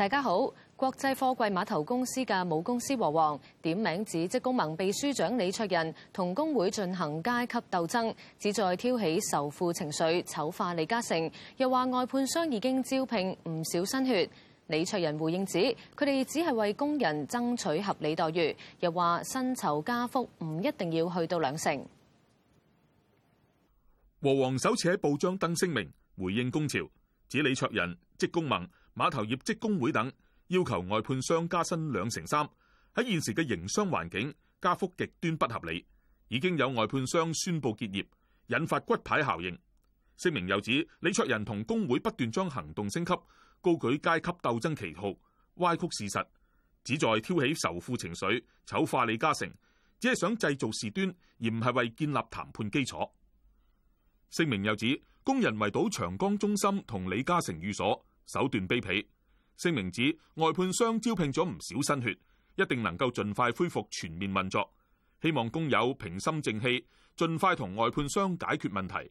大家好，國際貨櫃碼頭公司嘅母公司和黃點名指職工盟秘書長李卓人同工會進行階級鬥爭，旨在挑起仇富情緒，醜化李嘉誠。又話外判商已經招聘唔少新血。李卓人回應指佢哋只係為工人爭取合理待遇，又話薪酬加幅唔一定要去到兩成。和黃首次喺報章登聲明回應工潮，指李卓人職工盟、碼頭業職工會等要求外判商加薪兩成三，喺現時嘅營商環境加幅極端不合理，已經有外判商宣布結業，引發骨牌效應。聲明又指李卓人同工會不斷將行動升級，高舉階級鬥爭旗號，歪曲事實，旨在挑起仇富情緒，醜化李嘉誠，只係想製造事端，而唔係為建立談判基礎。聲明又指工人圍堵長江中心同李嘉誠寓所。手段卑鄙，聲明指外判商招聘咗唔少新血，一定能夠盡快恢復全面運作。希望工友平心靜氣，盡快同外判商解決問題。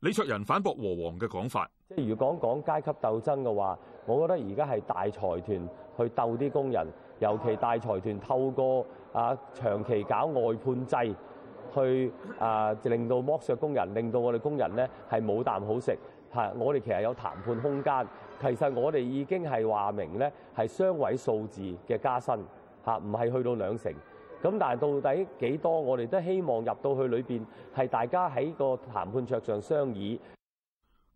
李卓人反駁和黃嘅講法，即係如果講階級鬥爭嘅話，我覺得而家係大財團去鬥啲工人，尤其大財團透過啊長期搞外判制，去啊令到剝削工人，令到我哋工人呢係冇啖好食。嚇！我哋其實有談判空間。其實我哋已經係話明呢係雙位數字嘅加薪嚇，唔係去到兩成。咁但係到底幾多？我哋都希望入到去裏邊，係大家喺個談判桌上商議。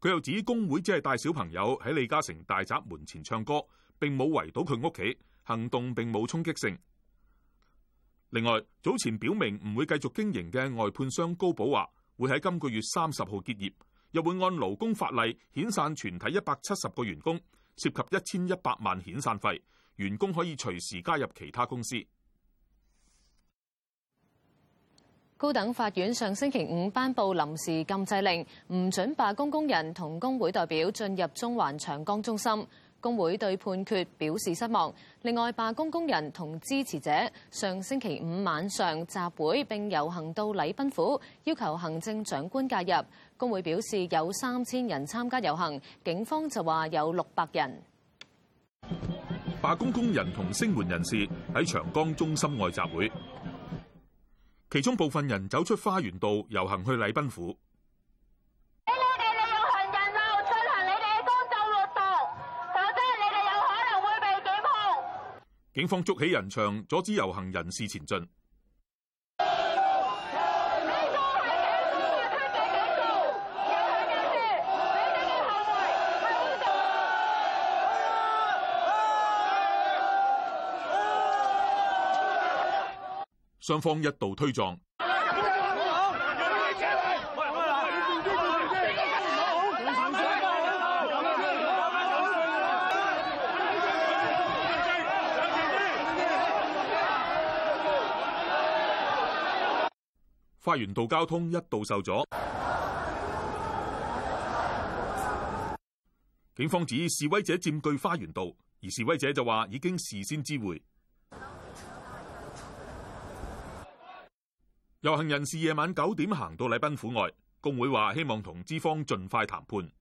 佢又指工會只係帶小朋友喺李嘉誠大宅門前唱歌，並冇圍到佢屋企行動，並冇衝擊性。另外，早前表明唔會繼續經營嘅外判商高寶話，會喺今個月三十號結業。又會按勞工法例遣散全體一百七十個員工，涉及一千一百萬遣散費。員工可以隨時加入其他公司。高等法院上星期五頒布臨時禁制令，唔准罷工工人同工會代表進入中環長江中心。工會對判決表示失望。另外，罷工工人同支持者上星期五晚上集會並遊行到禮賓府，要求行政長官介入。工會表示有三千人參加遊行，警方就話有六百人。罷工工人同聲援人士喺長江中心外集會，其中部分人走出花園道遊行去禮賓府。警方捉起人牆，阻止遊行人士前進。雙方一度推撞。花園道交通一度受阻，警方指示威者佔據花園道，而示威者就話已經事先知會遊行人士。夜晚九點行到禮賓府外，工會話希望同資方盡快談判。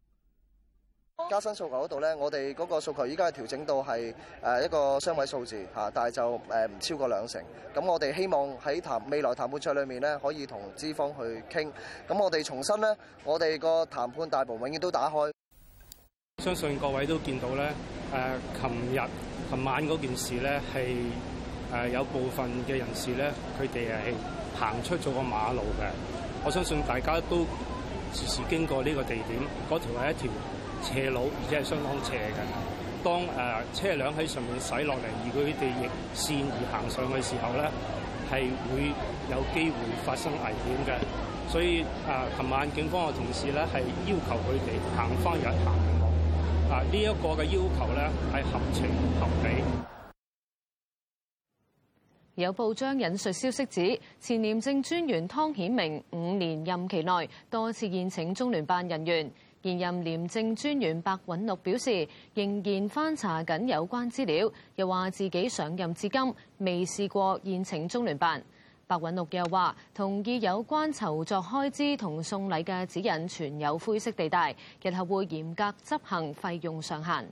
加薪訴求嗰度咧，我哋嗰個訴求依家係調整到係誒一個雙位數字吓，但係就誒唔超過兩成。咁我哋希望喺談未來談判桌裏面咧，可以同資方去傾，咁我哋重新咧，我哋個談判大門永遠都打開，相信各位都見到咧，誒琴日琴晚嗰件事咧係誒有部分嘅人士咧，佢哋係行出咗個馬路嘅。我相信大家都時時經過呢個地點嗰條係一條斜路而且係相當斜嘅。當誒、呃、車輛喺上面駛落嚟，而佢哋逆線而行上去嘅時候咧，係會有機會發生危險嘅。所以誒，琴、呃、晚警方嘅同事咧係要求佢哋行翻入行嘅路啊，呢、這、一個嘅要求咧係合情合理。有報章引述消息指，前廉政專員湯顯明五年任期內多次宴請中聯辦人員。現任廉政專員白韞六表示，仍然翻查緊有關資料，又話自己上任至今未試過宴請中聯辦。白韞六又話，同意有關籌作開支同送禮嘅指引，存有灰色地帶，日後會嚴格執行費用上限。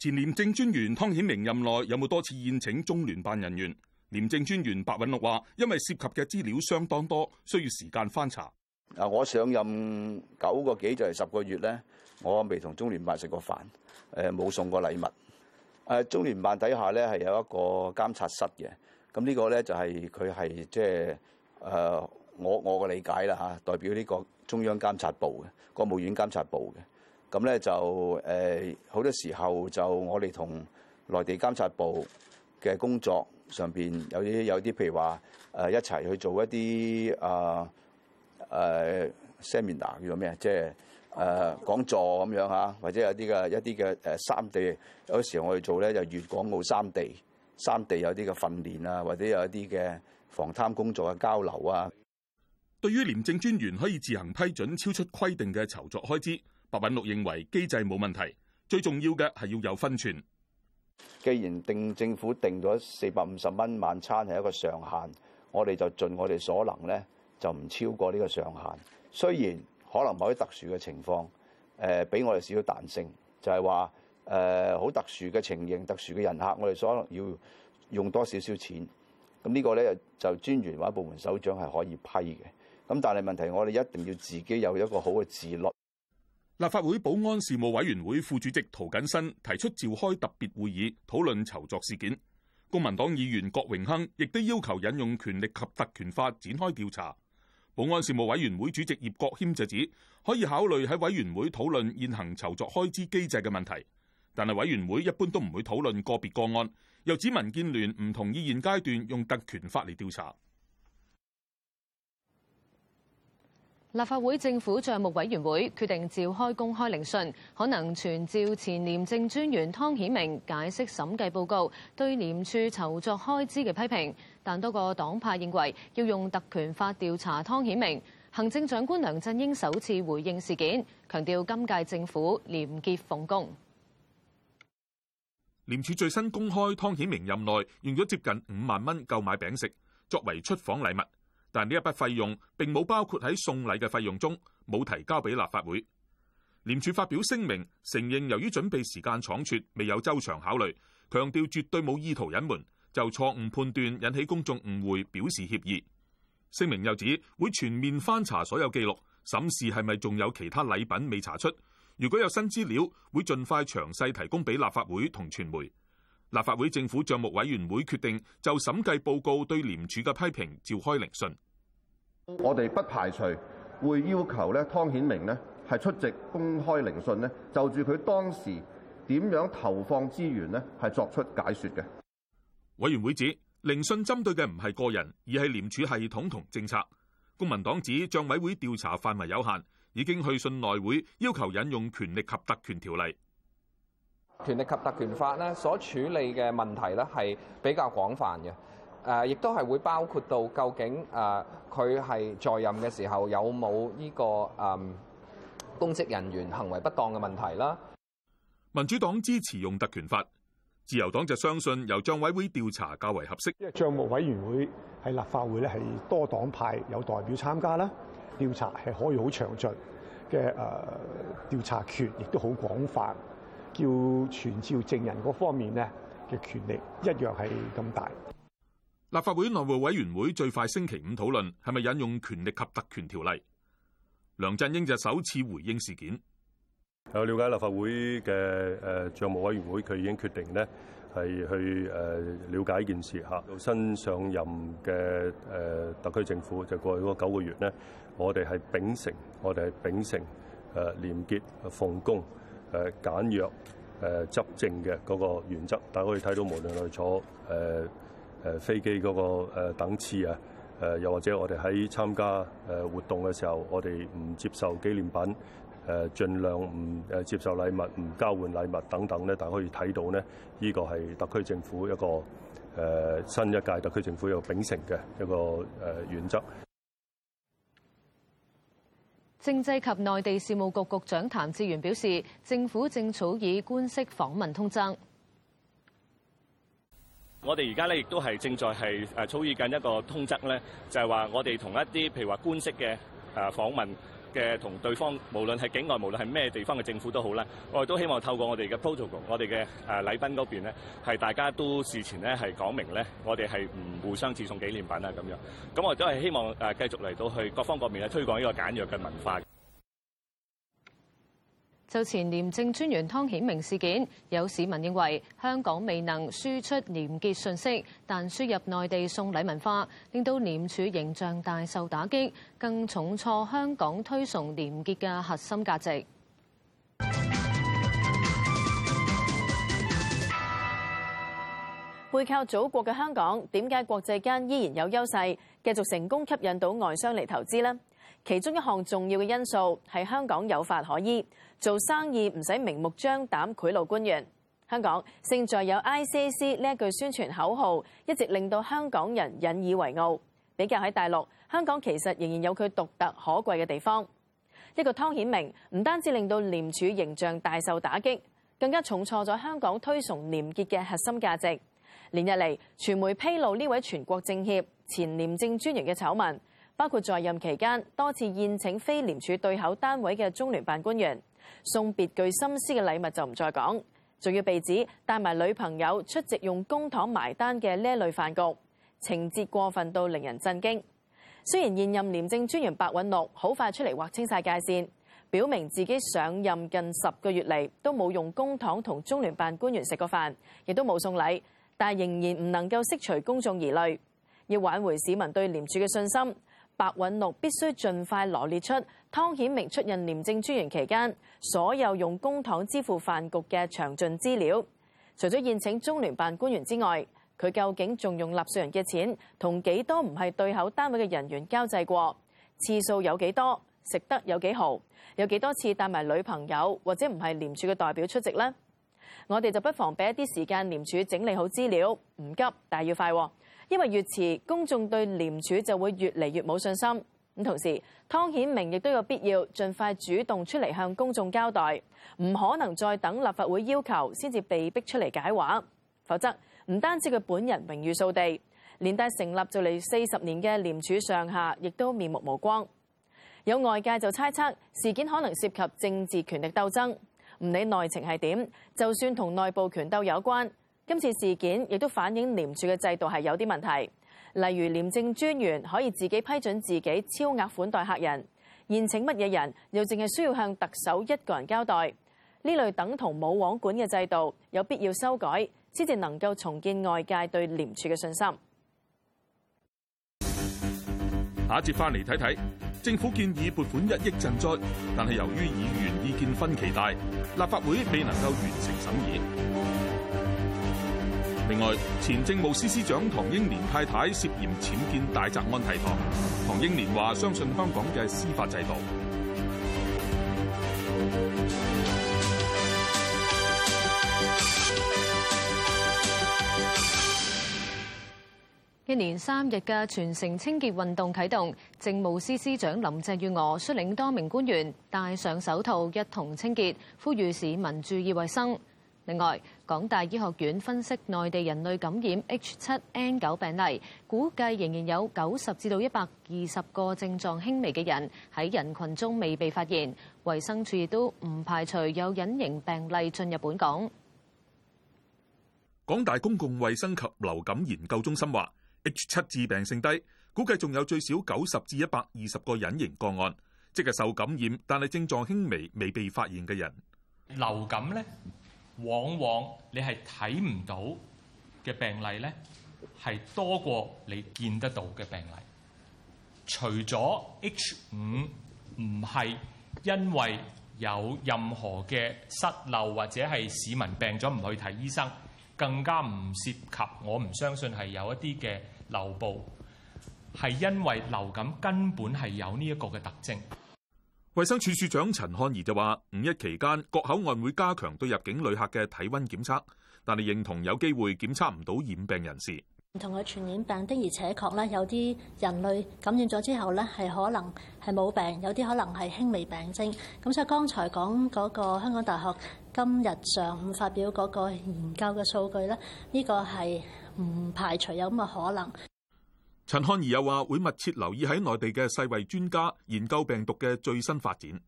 前廉政專員湯顯明任內有冇多次宴請中聯辦人員？廉政專員白韞六話，因為涉及嘅資料相當多，需要時間翻查。啊！我上任九個幾就係十個月咧，我未同中聯辦食過飯，誒冇送過禮物。誒，中聯辦底下咧係有一個監察室嘅，咁呢個咧就係佢係即係誒，我我嘅理解啦吓，啊，代表呢個中央監察部嘅，國務院監察部嘅。咁咧就誒，好、呃、多時候就我哋同內地監察部嘅工作上邊有啲有啲，譬如話誒一齊去做一啲誒。呃誒、uh, seminar 叫做咩啊？即係誒講座咁樣吓，或者有啲嘅一啲嘅誒三地有時我哋做咧，就粵港澳三地三地有啲嘅訓練啊，或者有一啲嘅防貪工作嘅交流啊。對於廉政專員可以自行批准超出規定嘅籌作開支，白韞六認為機制冇問題，最重要嘅係要有分寸。既然定政府定咗四百五十蚊晚餐係一個上限，我哋就盡我哋所能咧。就唔超過呢個上限。雖然可能某啲特殊嘅情況誒俾我哋少少彈性，就係話誒好特殊嘅情形，特殊嘅人客，我哋所能要用多少少錢，咁呢個咧就專員或者部門首長係可以批嘅。咁但係問題，我哋一定要自己有一個好嘅自律。立法會保安事務委員會副主席涂謹申提出召開特別會議討論籌作事件。公民黨議員郭榮鏗亦都要求引用權力及特權法展開調查。保安事務委員會主席葉國謙就指，可以考慮喺委員會討論現行籌作開支機制嘅問題，但係委員會一般都唔會討論個別個案。又指民建聯唔同意現階段用特權法嚟調查。立法會政府賬目委員會決定召開公開聆訊，可能傳召前廉政專員湯顯明解釋審計報告對廉署籌作開支嘅批評，但多個黨派認為要用特權法調查湯顯明。行政長官梁振英首次回應事件，強調今屆政府廉潔奉公。廉署最新公開湯顯明任內用咗接近五萬蚊購買餅食，作為出訪禮物。但呢一筆費用並冇包括喺送禮嘅費用中，冇提交俾立法會。廉署發表聲明，承認由於準備時間倉促，未有周詳考慮，強調絕對冇意圖隱瞞，就錯誤判斷引起公眾誤會，表示歉意。聲明又指會全面翻查所有記錄，審視係咪仲有其他禮品未查出。如果有新資料，會盡快詳細提供俾立法會同傳媒。立法會政府賬目委員會決定就審計報告對廉署嘅批評召開聆訊。我哋不排除會要求咧湯顯明呢係出席公開聆訊，呢就住佢當時點樣投放資源呢係作出解說嘅。委員會指聆訊針對嘅唔係個人，而係廉署系統同政策。公民黨指賬委會調查範圍有限，已經去信內會要求引用權力及特權條例。權力及特權法咧所處理嘅問題咧係比較廣泛嘅，誒亦都係會包括到究竟誒佢係在任嘅時候有冇呢、呢個誒、嗯、公職人員行為不當嘅問題啦。民主黨支持用特權法，自由黨就相信由帳委會調查較為合適。因為帳務委員會喺立法會咧係多黨派有代表參加啦，調查係可以好詳盡嘅，誒調查權亦都好廣泛。叫傳召證人嗰方面咧嘅權力一樣，係咁大。立法會內務委員會最快星期五討論，係咪引用權力及特權條例？梁振英就首次回應事件。有了解立法會嘅誒賬務委員會，佢已經決定咧係去誒了解呢件事嚇。新上任嘅誒特區政府就過去嗰九個月咧，我哋係秉承，我哋係秉承誒廉潔奉公。誒簡約誒執政嘅嗰個原則，大家可以睇到，無論我哋坐誒誒飛機嗰個誒等次啊，誒又或者我哋喺參加誒活動嘅時候，我哋唔接受紀念品，誒盡量唔誒接受禮物，唔交換禮物等等咧，大家可以睇到咧，呢個係特區政府一個誒新一屆特區政府又秉承嘅一個誒原則。政制及內地事務局局長譚志源表示，政府正草擬官式訪問通則。我哋而家咧，亦都係正在係誒草擬緊一個通則咧，就係話我哋同一啲譬如話官式嘅誒訪問。嘅同對方，無論係境外，無論係咩地方嘅政府都好啦，我哋都希望透過我哋嘅 protocol，我哋嘅誒禮賓嗰邊咧，係大家都事前咧係講明咧，我哋係唔互相致送紀念品啊咁樣。咁我亦都係希望誒、呃、繼續嚟到去各方各面咧推廣呢個簡約嘅文化。就前廉政專員湯顯明事件，有市民認為香港未能輸出廉潔信息，但輸入內地送禮文化，令到廉署形象大受打擊，更重挫香港推崇廉潔嘅核心價值。背靠祖國嘅香港，點解國際間依然有優勢，繼續成功吸引到外商嚟投資咧？其中一項重要嘅因素係香港有法可依，做生意唔使明目張膽賄賂官員。香港勝在有 ICAC 呢一句宣傳口號，一直令到香港人引以為傲。比較喺大陸，香港其實仍然有佢獨特可貴嘅地方。一個湯顯明唔單止令到廉署形象大受打擊，更加重挫咗香港推崇廉潔嘅核心價值。連日嚟，傳媒披露呢位全國政協前廉政專員嘅醜聞。包括在任期間多次宴請非廉署對口單位嘅中聯辦官員，送別具心思嘅禮物就唔再講，仲要被指帶埋女朋友出席用公帑埋單嘅呢類飯局，情節過分到令人震驚。雖然現任廉政專員白韞六好快出嚟劃清晒界線，表明自己上任近十個月嚟，都冇用公帑同中聯辦官員食過飯，亦都冇送禮，但仍然唔能夠釋除公眾疑慮，要挽回市民對廉署嘅信心。白韞六必須盡快羅列出湯顯明出任廉政專員期間所有用公帑支付飯局嘅詳盡資料。除咗宴請中聯辦官員之外，佢究竟仲用納稅人嘅錢同幾多唔係對口單位嘅人員交際過？次數有幾多？食得有幾豪？有幾多次帶埋女朋友或者唔係廉署嘅代表出席呢？我哋就不妨俾一啲時間廉署整理好資料，唔急，但係要快啊。因為越遲，公眾對廉署就會越嚟越冇信心。咁同時，湯顯明亦都有必要盡快主動出嚟向公眾交代，唔可能再等立法會要求先至被逼出嚟解話，否則唔單止佢本人名譽掃地，連帶成立就嚟四十年嘅廉署上下亦都面目無光。有外界就猜測事件可能涉及政治權力鬥爭。唔理內情係點，就算同內部權鬥有關。今次事件亦都反映廉署嘅制度係有啲問題，例如廉政專員可以自己批准自己超額款待客人，宴請乜嘢人又淨係需要向特首一個人交代，呢類等同冇網管嘅制度有必要修改，先至能夠重建外界對廉署嘅信心。下一節翻嚟睇睇，政府建議撥款一億賑災，但係由於議員意見分歧大，立法會未能夠完成審議。另外，前政務司司長唐英年太太涉嫌僭建大宅案提堂。唐英年話：相信香港嘅司法制度。一連三日嘅全城清潔運動啟動，政務司司長林鄭月娥率領多名官員戴上手套一同清潔，呼籲市民注意衞生。另外，港大醫學院分析內地人類感染 H 七 N 九病例，估計仍然有九十至到一百二十個症狀輕微嘅人喺人群中未被發現，衛生署亦都唔排除有隱形病例進入本港。港大公共衛生及流感研究中心話，H 七致病性低，估計仲有最少九十至一百二十個隱形個案，即係受感染但係症狀輕微未被發現嘅人。流感呢？往往你係睇唔到嘅病例咧，係多過你見得到嘅病例。除咗 H 五唔係因為有任何嘅失漏或者係市民病咗唔去睇醫生，更加唔涉及我唔相信係有一啲嘅漏報，係因為流感根本係有呢一個嘅特徵。衛生署署長陳漢儀就話：五一期間，各口岸會加強對入境旅客嘅體温檢測，但係認同有機會檢測唔到染病人士。唔同嘅傳染病的而且確咧，有啲人類感染咗之後咧，係可能係冇病，有啲可能係輕微病徵。咁所以剛才講嗰個香港大學今日上午發表嗰個研究嘅數據咧，呢個係唔排除有咁嘅可能。陳漢儀又話會密切留意喺內地嘅世衛專家研究病毒嘅最新發展。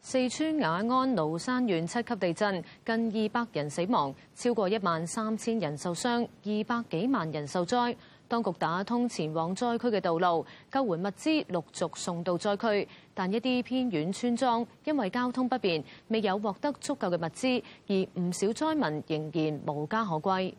四川雅安蘆山縣七級地震，近二百人死亡，超過一萬三千人受傷，二百幾萬人受災。當局打通前往災區嘅道路，救援物資陸續送到災區，但一啲偏遠村莊，因為交通不便，未有獲得足夠嘅物資，而唔少災民仍然無家可歸。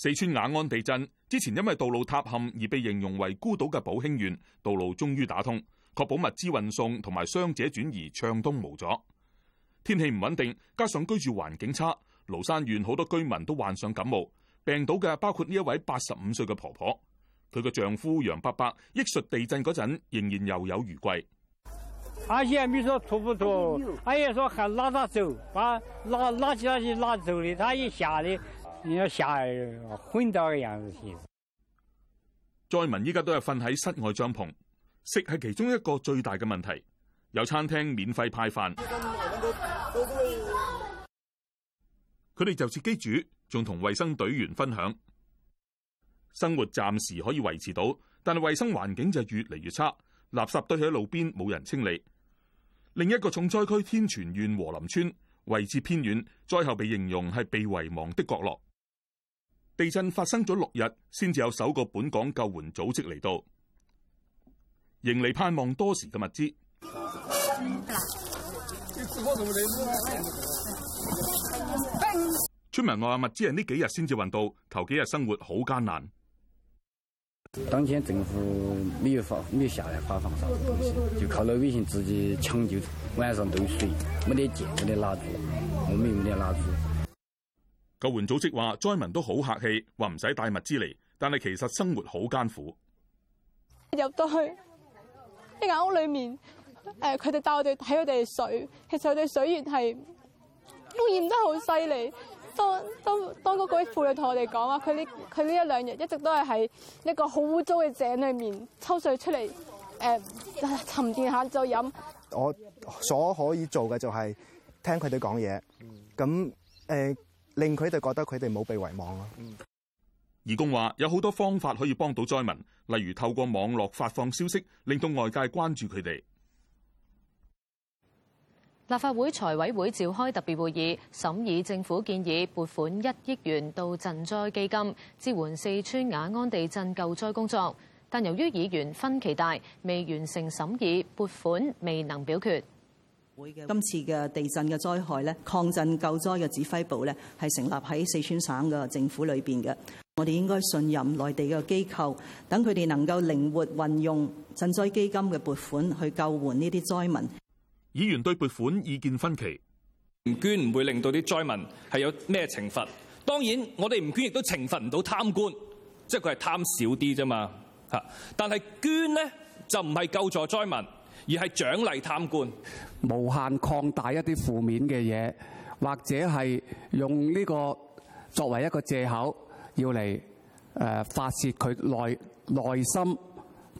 四川雅安地震之前，因為道路塌陷而被形容為孤島嘅寶興縣，道路終於打通，確保物資運送同埋傷者轉移暢通無阻。天氣唔穩定，加上居住環境差，蘆山縣好多居民都患上感冒，病倒嘅包括呢一位八十五歲嘅婆婆。佢嘅丈夫楊伯伯，憶述地震嗰陣仍然猶有餘悸。阿姨係咪說痛唔痛？阿姨、啊、說喊拉他走，把拉拉起，拉起拉走嘅，他一下嘅。你要吓暈倒嘅樣子。其實災民依家都係瞓喺室外帳篷，食係其中一個最大嘅問題。有餐廳免費派飯，佢哋 就自己煮，仲同衛生隊員分享。生活暫時可以維持到，但係衛生環境就越嚟越差，垃圾堆喺路邊冇人清理。另一個重災區天全縣和林村，位置偏遠，災後被形容係被遺忘的角落。地震發生咗六日，先至有首個本港救援組織嚟到，迎嚟盼望多時嘅物資。村民話物資係呢幾日先至運到，頭幾日生活好艱難。當天政府沒有發，沒有下來發放啥東西，就靠老百姓自己搶救。晚上漏水，冇得見，冇得蠟燭，我們冇得蠟燭。救援組織話災民都好客氣，話唔使帶物資嚟，但係其實生活好艱苦。入到去一間、這個、屋裏面，誒、呃，佢哋帶我哋睇佢哋水，其實佢哋水源係污染得好犀利。當當當嗰位婦女同我哋講話，佢呢佢呢一兩日一直都係喺一個好污糟嘅井裏面抽水出嚟，誒、呃，沉澱下就飲。我所可以做嘅就係聽佢哋講嘢，咁誒。呃令佢哋覺得佢哋冇被遺忘咯。義工話有好多方法可以幫到災民，例如透過網絡發放消息，令到外界關注佢哋。立法會財委會召開特別會議，審議政府建議撥款一億元到賑災基金，支援四川雅安地震救災工作。但由於議員分歧大，未完成審議撥款，未能表決。會今次嘅地震嘅災害咧，抗震救災嘅指揮部咧係成立喺四川省嘅政府裏邊嘅。我哋應該信任內地嘅機構，等佢哋能夠靈活運用賑災基金嘅撥款去救援呢啲災民。議員對撥款意見分歧，唔捐唔會令到啲災民係有咩懲罰？當然，我哋唔捐亦都懲罰唔到貪官，即係佢係貪少啲啫嘛。嚇！但係捐呢，就唔係救助災民。而係獎勵貪官，無限擴大一啲負面嘅嘢，或者係用呢個作為一個借口，要嚟誒發泄佢內內心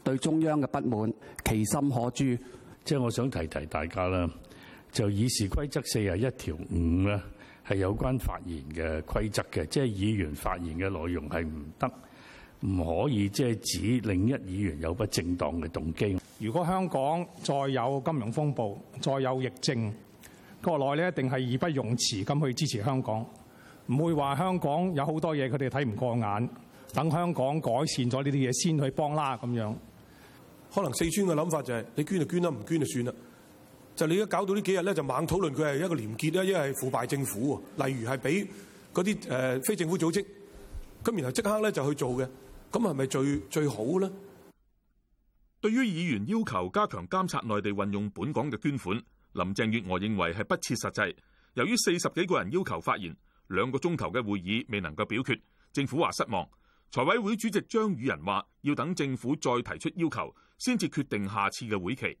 對中央嘅不滿，其心可誅。即係我想提提大家啦，就議事規則四啊一條五咧，係有關發言嘅規則嘅，即係議員發言嘅內容係唔得，唔可以即係指另一議員有不正當嘅動機。如果香港再有金融風暴、再有疫症，國內咧一定係義不容辭咁去支持香港，唔會話香港有好多嘢佢哋睇唔過眼，等香港改善咗呢啲嘢先去幫啦咁樣。可能四川嘅諗法就係、是、你捐就捐啦，唔捐就算啦。就你而家搞到呢幾日咧，就猛討論佢係一個廉潔咧，一係腐敗政府喎。例如係俾嗰啲誒非政府組織，咁然後即刻咧就去做嘅，咁係咪最最好咧？對於議員要求加強監察內地運用本港嘅捐款，林鄭月娥認為係不切實際。由於四十幾個人要求發言，兩個鐘頭嘅會議未能夠表決，政府話失望。財委會主席張宇人話要等政府再提出要求，先至決定下次嘅會期。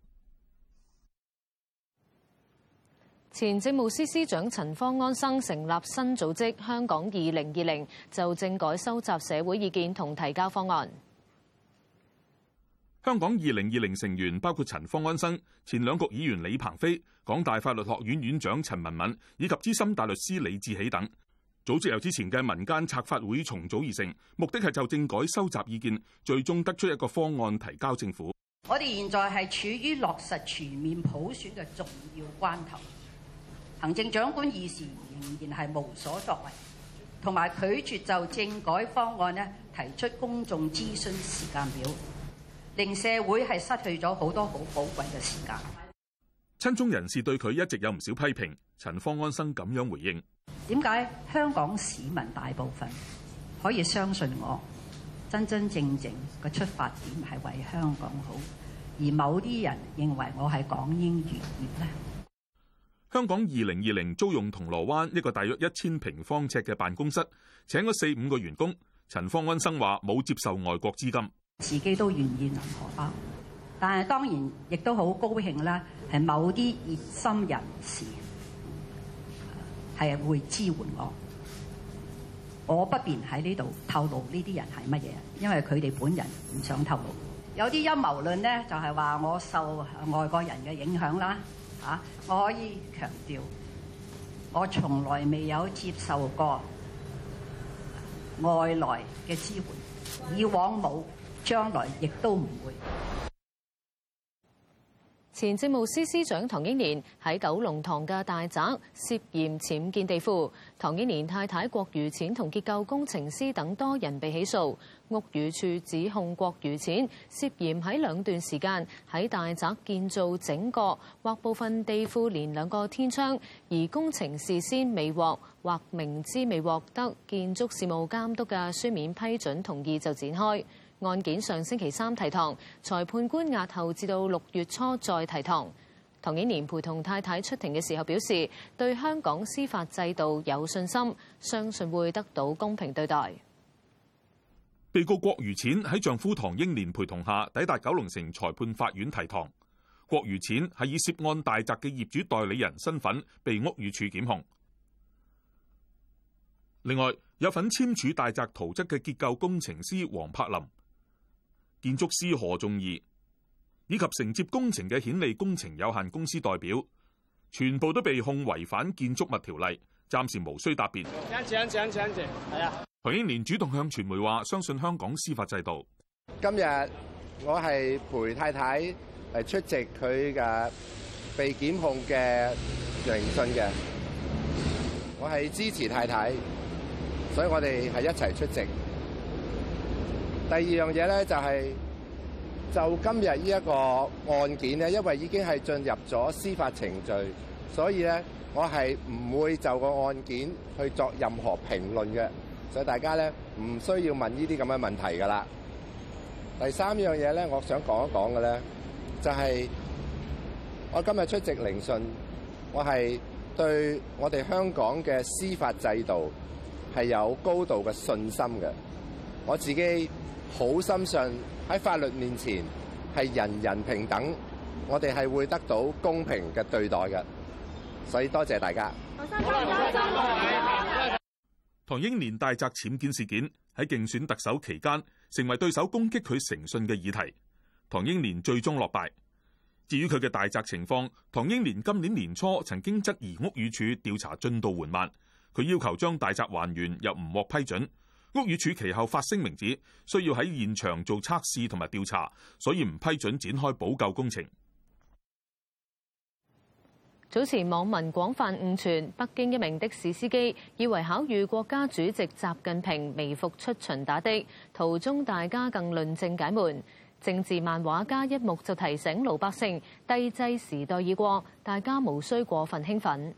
前政務司司長陳方安生成立新組織「香港二零二零」，就政改收集社會意見同提交方案。香港二零二零成員包括陳方安生、前兩局議員李鵬飛、港大法律學院院長陳文敏以及資深大律師李志喜等，組織由之前嘅民間策發會重組而成，目的係就政改收集意見，最終得出一個方案提交政府。我哋現在係處於落實全面普選嘅重要關頭，行政長官現時仍然係無所作為，同埋拒絕就政改方案呢提出公眾諮詢時間表。令社會係失去咗好多好寶貴嘅時間。親中人士對佢一直有唔少批評，陳方安生咁樣回應：「點解香港市民大部分可以相信我，真真正正嘅出發點係為香港好，而某啲人認為我係港英餘孽呢？」香港二零二零租用銅鑼灣一個大約一千平方尺嘅辦公室，請咗四五個員工。陳方安生話冇接受外國資金。自己都願意拿荷包，但係當然亦都好高興啦。係某啲熱心人士係會支援我，我不便喺呢度透露呢啲人係乜嘢，因為佢哋本人唔想透露。有啲陰謀論咧，就係話我受外國人嘅影響啦。啊，我可以強調，我從來未有接受過外來嘅支援，以往冇。將來亦都唔會。前政務司司長唐英年喺九龍塘嘅大宅涉嫌僭建地庫，唐英年太太郭妤淺同結構工程師等多人被起訴。屋宇署指控郭妤淺涉嫌喺兩段時間喺大宅建造整個或部分地庫，連兩個天窗，而工程事先未獲或明知未獲得建築事務監督嘅書面批准同意就展開。案件上星期三提堂，裁判官押後至到六月初再提堂。唐英年陪同太太出庭嘅時候表示，對香港司法制度有信心，相信會得到公平對待。被告郭妤淺喺丈夫唐英年陪同下抵達九龍城裁判法院提堂。郭妤淺係以涉案大宅嘅業主代理人身份被屋宇署檢控。另外，有份簽署大宅圖則嘅結構工程師黃柏林。建築師何仲儀以及承接工程嘅顯利工程有限公司代表，全部都被控違反建築物條例，暫時無需答辯。一陣一陣一陣一係啊！唐英年主動向傳媒話：相信香港司法制度。今日我係陪太太出席佢嘅被檢控嘅聆訊嘅，我係支持太太，所以我哋係一齊出席。第二樣嘢咧，就係就今日呢一個案件咧，因為已經係進入咗司法程序，所以咧，我係唔會就個案件去作任何評論嘅，所以大家咧唔需要問呢啲咁嘅問題㗎啦。第三樣嘢咧，我想講一講嘅咧，就係我今日出席聆訊，我係對我哋香港嘅司法制度係有高度嘅信心嘅，我自己。好深信喺法律面前係人人平等，我哋係會得到公平嘅對待嘅。所以多謝大家。唐英年大宅僭建事件喺競選特首期間成為對手攻擊佢誠信嘅議題，唐英年最終落敗。至於佢嘅大宅情況，唐英年今年年初曾經質疑屋宇署調查進度緩慢，佢要求將大宅還原，又唔獲批准。屋宇署其後發聲明指，需要喺現場做測試同埋調查，所以唔批准展開補救工程。早前網民廣泛誤傳，北京一名的士司機以為巧遇國家主席習近平微服出巡打的，途中大家更論政解悶。政治漫畫家一幕就提醒老百姓，帝制時代已過，大家無需過分興奮。